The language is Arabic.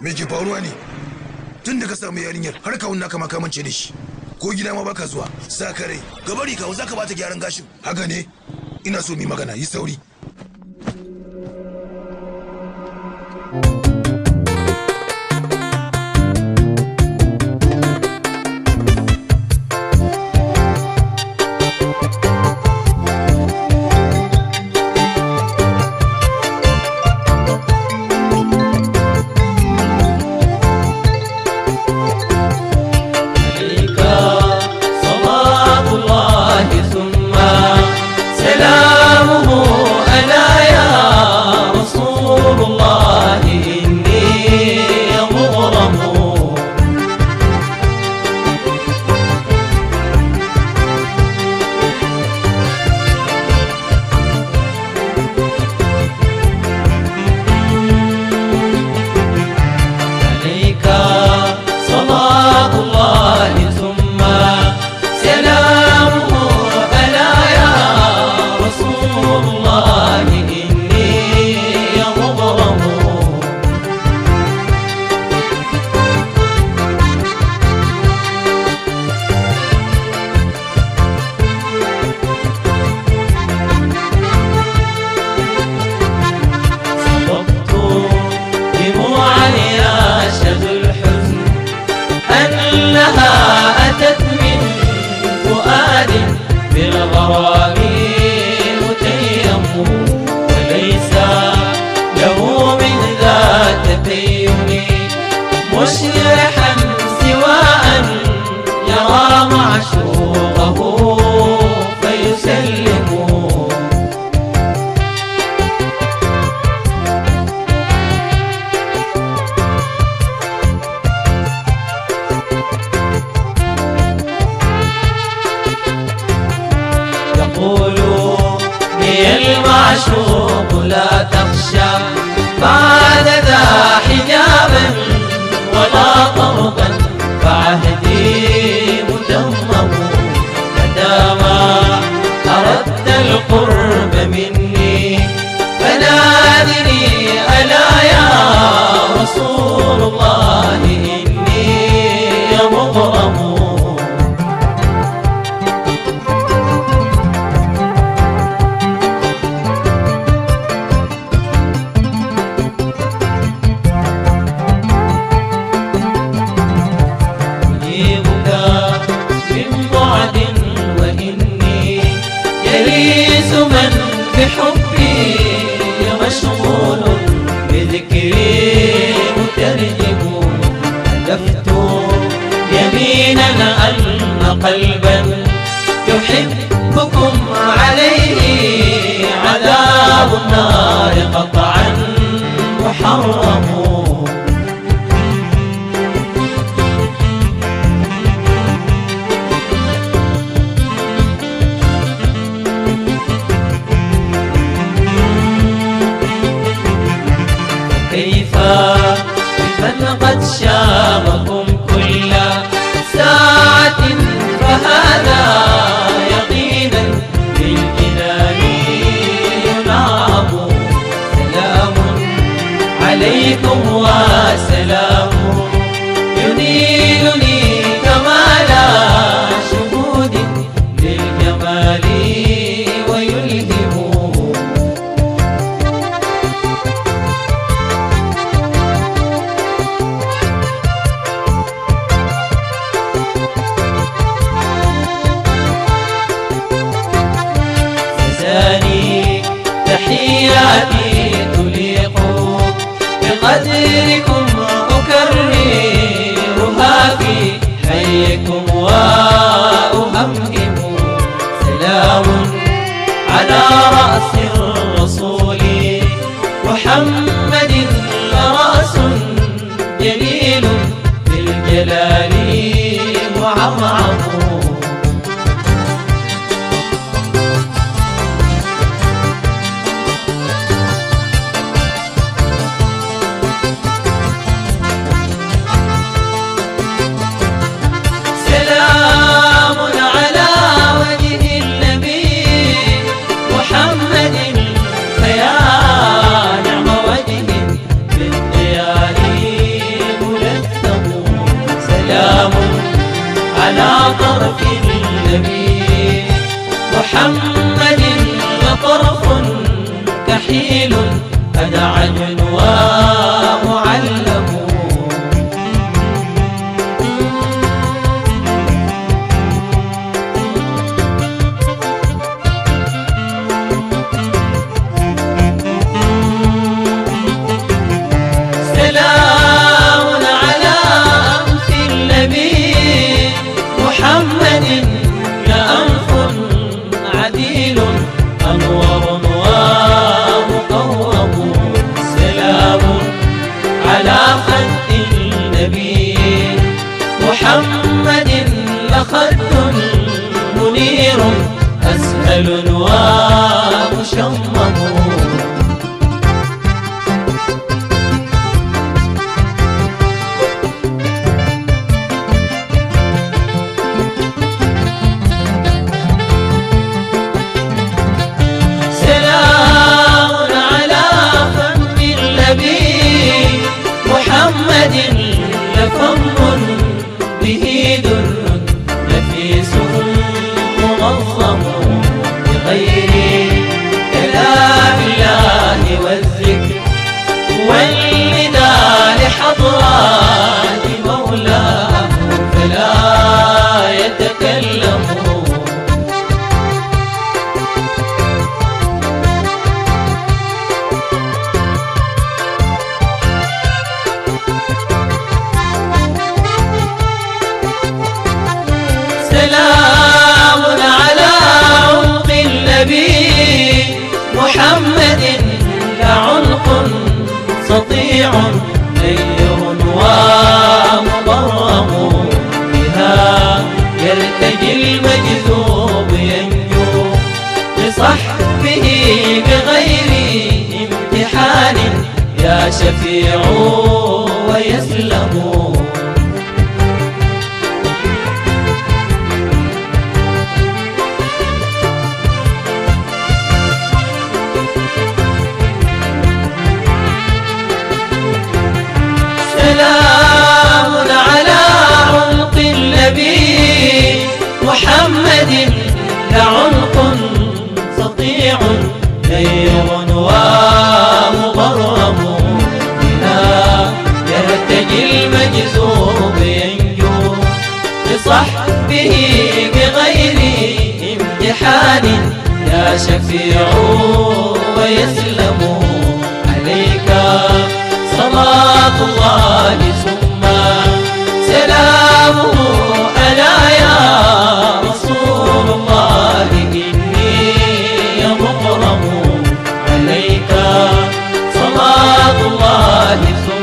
mai ke faruwa ne tun da ka samu yarinyar har kawun naka ma kamance da shi ko gida ma baka zuwa sa kare gabari kawo zaka bata gyaran gashin haka ne ina so mu magana yi sauri كأنها أتت من فؤاد بالغرام Aşk إدريس من بحبي مشغول بذكري مترجم ألفت يمينا أن قلبا يحبكم عليه عذاب النار قطعا وحرا como as محمد لرأس جميل بالجلال معظم طرف النبي محمد وطرف كحيل أدعى الأنوار محمد لخد منير أسهل ومشمم شفيع نير ومبرم بها يلتجي المجذوب ينجو بصحبه بغير امتحان يا شفيع ويسلم عنق سطيع نير ومغرم بنا يرتجي المجزوم ينجو بصحبه بغير امتحان يا شفيع الله سبحانه